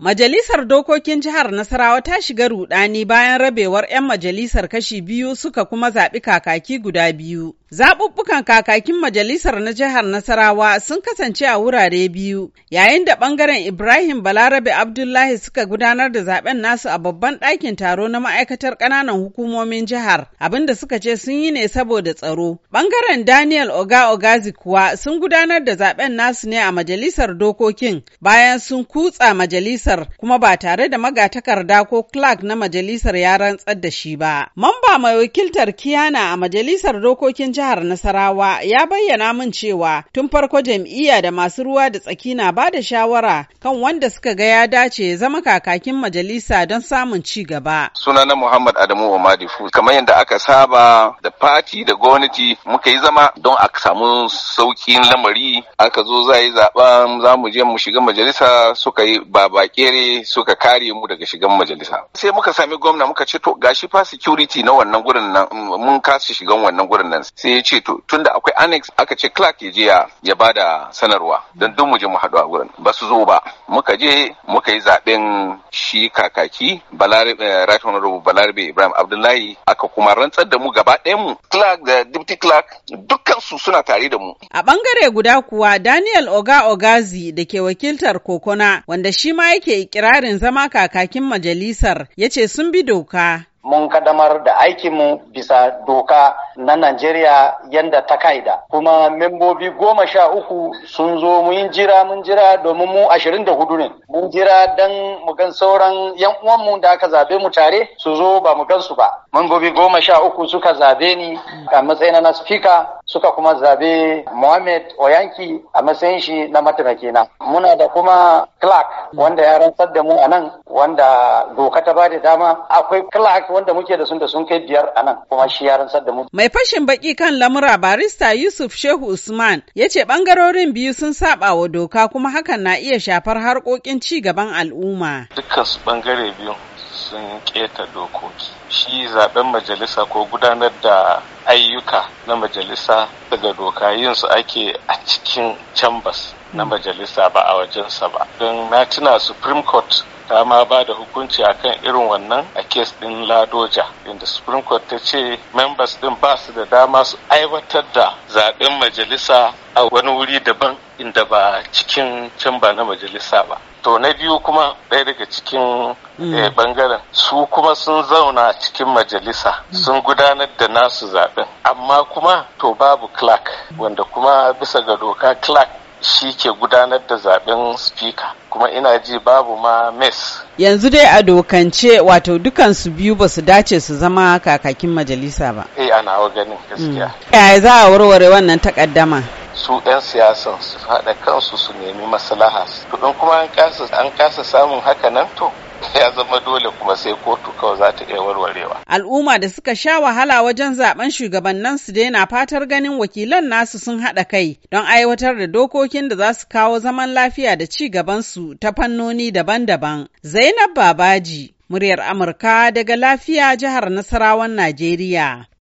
Majalisar Dokokin Jihar Nasarawa ta shiga rudani bayan rabewar 'yan majalisar kashi biyu suka kuma zaɓi kakaki guda biyu. Zaɓuɓɓukan kakakin majalisar na jihar Nasarawa sun kasance a wurare biyu, yayin da ɓangaren Ibrahim Balarabe Abdullahi suka gudanar da zaɓen nasu a babban ɗakin taro na ma'aikatar ƙananan hukumomin jihar, abinda suka ce sun yi ne saboda tsaro. Ɓangaren Daniel Oga Ogazi kuwa sun gudanar da zaɓen nasu ne a majalisar dokokin bayan sun kutsa majalisar kuma ba tare da magatakarda ko clerk na majalisar ya rantsar da shi ba. Mamba mai wakiltar Kiyana a majalisar dokokin jihar Nasarawa ya bayyana min cewa tun farko jam'iyya da masu ruwa da tsaki na ba da shawara kan wanda suka ga ya dace zama kakakin majalisa don samun ci gaba. Sunana Muhammad Adamu Omadifu kamar yadda aka saba da fati da gwamnati muka yi zama don a samu saukin lamari aka zo za yi zaben za mu je mu shiga majalisa suka yi babakere suka kare mu daga shigan majalisa sai muka sami gwamna muka ce to gashi fa security na wannan gurin nan mun kasu shigan wannan gurin nan sai ya ce to tunda akwai annex aka ce clark ya je ya bada sanarwa don duk mu je mu haɗu a gurin ba su zo ba muka je muka yi zaben shi kakaki balarabe eh, right honorable balarabe ibrahim abdullahi aka kuma rantsar da mu gaba ɗayan mu clark da deputy clark dukkan su suna tare da mu a bangare guda kuwa kuwa Daniel Oga Ogazi da ke wakiltar Kokona wanda shi ma yake ikirarin zama kakakin majalisar ya ce sun bi doka. Mun kadamar da aikinmu bisa doka na Najeriya yadda ta kaida. Kuma membobi goma sha uku sun zo mun jira mun jira domin mu ashirin da hudu ne. Mun jira don mu gan sauran yan uwanmu da aka zabe mu tare su zo ba mu gan su ba. Membobi goma sha uku suka zabe ni a matsayina na Sifika. suka kuma zabe Mohammed Oyanki a matsayin shi na mataimakina na. Muna da kuma Clark wanda ya rantsar da mu a nan wanda doka ta bada dama akwai Clark wanda muke da sun da sun kai biyar a nan kuma shi ya rantsar da mu. Mai fashin baki kan lamura barista Yusuf Shehu Usman ya ce bangarorin biyu sun saba wa doka kuma hakan na iya shafar harkokin ci gaban al'umma. Dukkan su bangare biyu sun keta dokoki shi zaben majalisa ko gudanar da ayyuka na majalisa daga doka yin su ake a cikin chambers na hmm. majalisa ba a wajensa ba don na tuna supreme court ta ma ba da hukunci akan irin wannan a kes din ladoja inda supreme court ta ce members din ba su da dama su aiwatar da zaben majalisa a wani wuri daban inda ba cikin camba na majalisa ba to na biyu kuma ɗaya daga cikin hmm. eh, ɓangaren, su kuma sun zauna cikin majalisa hmm. sun gudanar da nasu zaɓen amma kuma to babu clark hmm. wanda kuma bisa ga doka clark shi ke gudanar da zaɓen speaker kuma ina ji babu ma mes. Yanzu dai a dokance wato dukansu biyu ba su dace su zama kakakin majalisa ba. Eh ana wa ganin gaskiya. Yaya za a warware wannan takaddama? su 'yan siyasan su kansu su nemi maslaha to don kuma an kasa samun haka nan to ya zama dole kuma sai kotu kawai za ta iya warwarewa. Al'umma da suka sha wahala wajen zaben shugabannin su na fatar ganin wakilan nasu sun haɗa kai don aiwatar da dokokin da za su kawo zaman lafiya da ci gabansu ta fannoni daban-daban. Zainab Babaji, muryar Amurka daga lafiya jihar Nasarawan Najeriya.